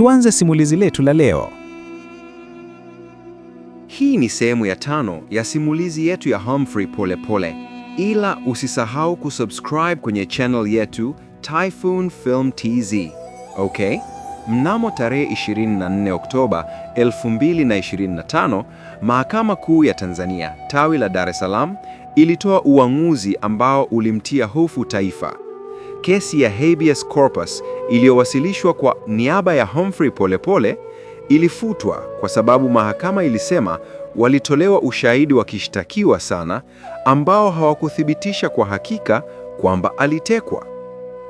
Tuanze simulizi letu la leo. Hii ni sehemu ya tano ya simulizi yetu ya Humphrey Polepole, ila usisahau kusubscribe kwenye channel yetu Typhoon Film TZ. Okay? Mnamo tarehe 24 Oktoba 2025, Mahakama Kuu ya Tanzania, Tawi la Dar es Salaam, ilitoa uamuzi ambao ulimtia hofu taifa kesi ya habeas corpus iliyowasilishwa kwa niaba ya Humphrey Polepole ilifutwa kwa sababu mahakama ilisema walitolewa ushahidi wa kishtakiwa sana ambao hawakuthibitisha kwa hakika kwamba alitekwa.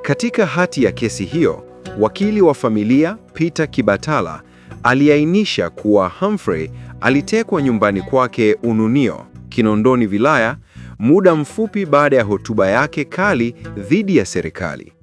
Katika hati ya kesi hiyo, wakili wa familia Peter Kibatala aliainisha kuwa Humphrey alitekwa nyumbani kwake Ununio, Kinondoni vilaya muda mfupi baada ya hotuba yake kali dhidi ya serikali.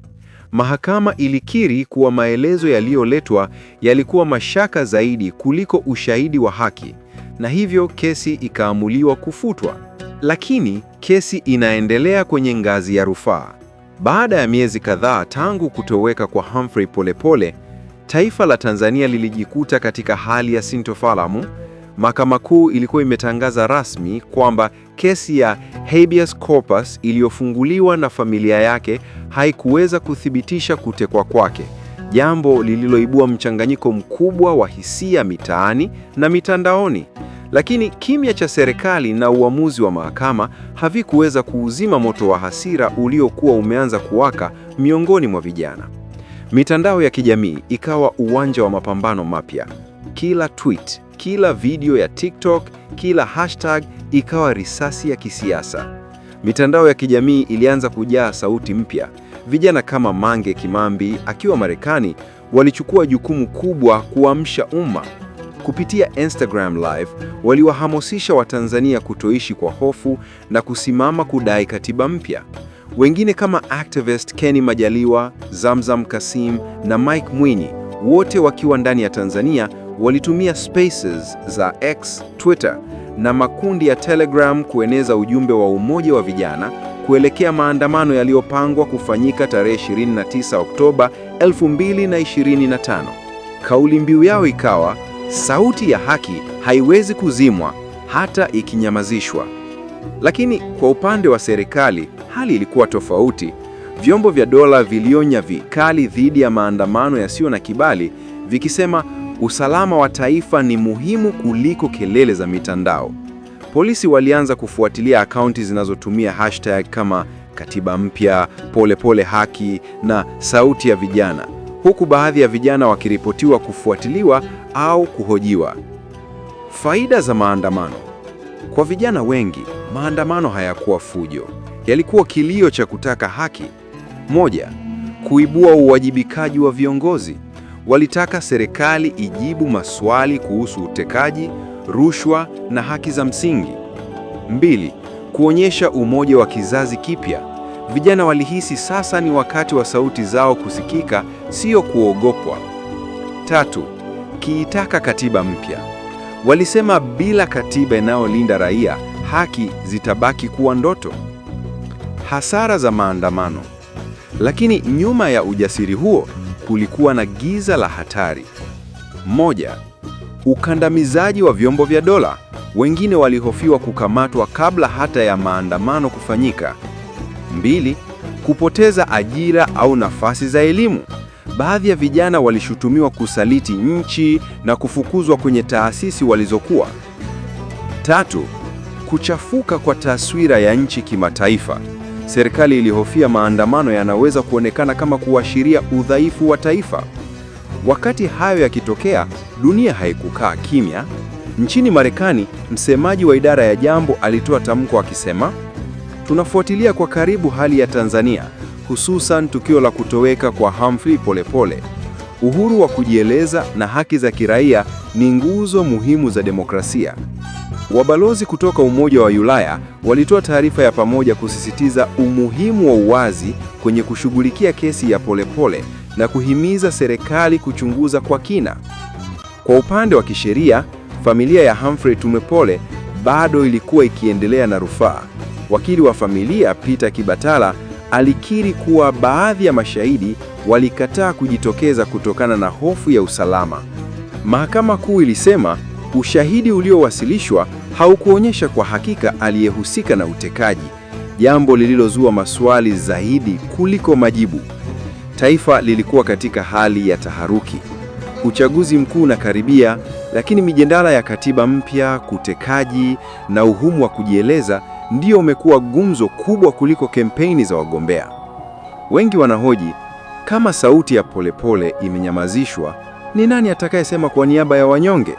Mahakama ilikiri kuwa maelezo yaliyoletwa yalikuwa mashaka zaidi kuliko ushahidi wa haki, na hivyo kesi ikaamuliwa kufutwa. Lakini kesi inaendelea kwenye ngazi ya rufaa. Baada ya miezi kadhaa tangu kutoweka kwa Humphrey Polepole, taifa la Tanzania lilijikuta katika hali ya sintofahamu. Mahakama Kuu ilikuwa imetangaza rasmi kwamba kesi ya habeas corpus iliyofunguliwa na familia yake haikuweza kuthibitisha kutekwa kwake, jambo lililoibua mchanganyiko mkubwa wa hisia mitaani na mitandaoni. Lakini kimya cha serikali na uamuzi wa mahakama havikuweza kuuzima moto wa hasira uliokuwa umeanza kuwaka miongoni mwa vijana. Mitandao ya kijamii ikawa uwanja wa mapambano mapya. Kila tweet, kila video ya TikTok, kila hashtag ikawa risasi ya kisiasa. Mitandao ya kijamii ilianza kujaa sauti mpya. Vijana kama Mange Kimambi akiwa Marekani walichukua jukumu kubwa kuamsha umma. Kupitia Instagram Live waliwahamasisha Watanzania kutoishi kwa hofu na kusimama kudai katiba mpya. Wengine kama activist Kenny Majaliwa, Zamzam Kasim na Mike Mwinyi, wote wakiwa ndani ya Tanzania, walitumia spaces za X, Twitter na makundi ya Telegram kueneza ujumbe wa umoja wa vijana kuelekea maandamano yaliyopangwa kufanyika tarehe 29 Oktoba 2025. Kauli mbiu yao ikawa sauti ya haki haiwezi kuzimwa hata ikinyamazishwa. Lakini kwa upande wa serikali hali ilikuwa tofauti. Vyombo vya dola vilionya vikali dhidi ya maandamano yasiyo na kibali vikisema usalama wa taifa ni muhimu kuliko kelele za mitandao. Polisi walianza kufuatilia akaunti zinazotumia hashtag kama katiba mpya, polepole haki na sauti ya vijana, huku baadhi ya vijana wakiripotiwa kufuatiliwa au kuhojiwa. Faida za maandamano kwa vijana wengi, maandamano hayakuwa fujo, yalikuwa kilio cha kutaka haki. Moja, kuibua uwajibikaji wa viongozi. Walitaka serikali ijibu maswali kuhusu utekaji, rushwa na haki za msingi. Mbili, kuonyesha umoja wa kizazi kipya. Vijana walihisi sasa ni wakati wa sauti zao kusikika, sio kuogopwa. Tatu, kiitaka katiba mpya. Walisema bila katiba inayolinda raia, haki zitabaki kuwa ndoto. Hasara za maandamano. Lakini nyuma ya ujasiri huo kulikuwa na giza la hatari. Moja, ukandamizaji wa vyombo vya dola. Wengine walihofiwa kukamatwa kabla hata ya maandamano kufanyika. Mbili, kupoteza ajira au nafasi za elimu. Baadhi ya vijana walishutumiwa kusaliti nchi na kufukuzwa kwenye taasisi walizokuwa. Tatu, kuchafuka kwa taswira ya nchi kimataifa serikali ilihofia maandamano yanaweza kuonekana kama kuashiria udhaifu wa taifa. Wakati hayo yakitokea, dunia haikukaa kimya. Nchini Marekani, msemaji wa idara ya jambo alitoa tamko akisema, tunafuatilia kwa karibu hali ya Tanzania, hususan tukio la kutoweka kwa Humphrey Polepole. Uhuru wa kujieleza na haki za kiraia ni nguzo muhimu za demokrasia. Wabalozi kutoka Umoja wa Ulaya walitoa taarifa ya pamoja kusisitiza umuhimu wa uwazi kwenye kushughulikia kesi ya Polepole na kuhimiza serikali kuchunguza kwa kina. Kwa upande wa kisheria, familia ya Humphrey Tumepole bado ilikuwa ikiendelea na rufaa. Wakili wa familia Peter Kibatala alikiri kuwa baadhi ya mashahidi walikataa kujitokeza kutokana na hofu ya usalama. Mahakama Kuu ilisema Ushahidi uliowasilishwa haukuonyesha kwa hakika aliyehusika na utekaji, jambo lililozua maswali zaidi kuliko majibu. Taifa lilikuwa katika hali ya taharuki. Uchaguzi mkuu unakaribia, lakini mijadala ya katiba mpya, kutekaji na uhumu wa kujieleza ndio umekuwa gumzo kubwa kuliko kampeni za wagombea. Wengi wanahoji kama sauti ya Polepole imenyamazishwa, ni nani atakayesema kwa niaba ya wanyonge?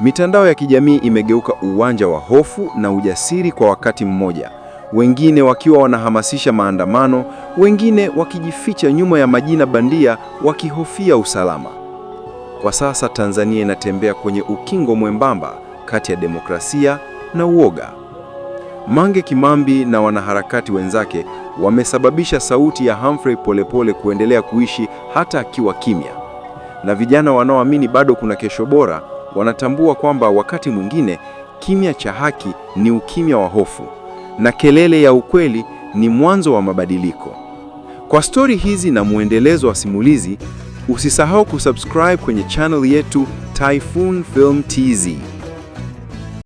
Mitandao ya kijamii imegeuka uwanja wa hofu na ujasiri kwa wakati mmoja, wengine wakiwa wanahamasisha maandamano, wengine wakijificha nyuma ya majina bandia wakihofia usalama. Kwa sasa Tanzania inatembea kwenye ukingo mwembamba kati ya demokrasia na uoga. Mange Kimambi na wanaharakati wenzake wamesababisha sauti ya Humphrey Polepole kuendelea kuishi hata akiwa kimya, na vijana wanaoamini bado kuna kesho bora wanatambua kwamba wakati mwingine kimya cha haki ni ukimya wa hofu na kelele ya ukweli ni mwanzo wa mabadiliko. Kwa stori hizi na mwendelezo wa simulizi, usisahau kusubscribe kwenye channel yetu Typhoon Film TZ.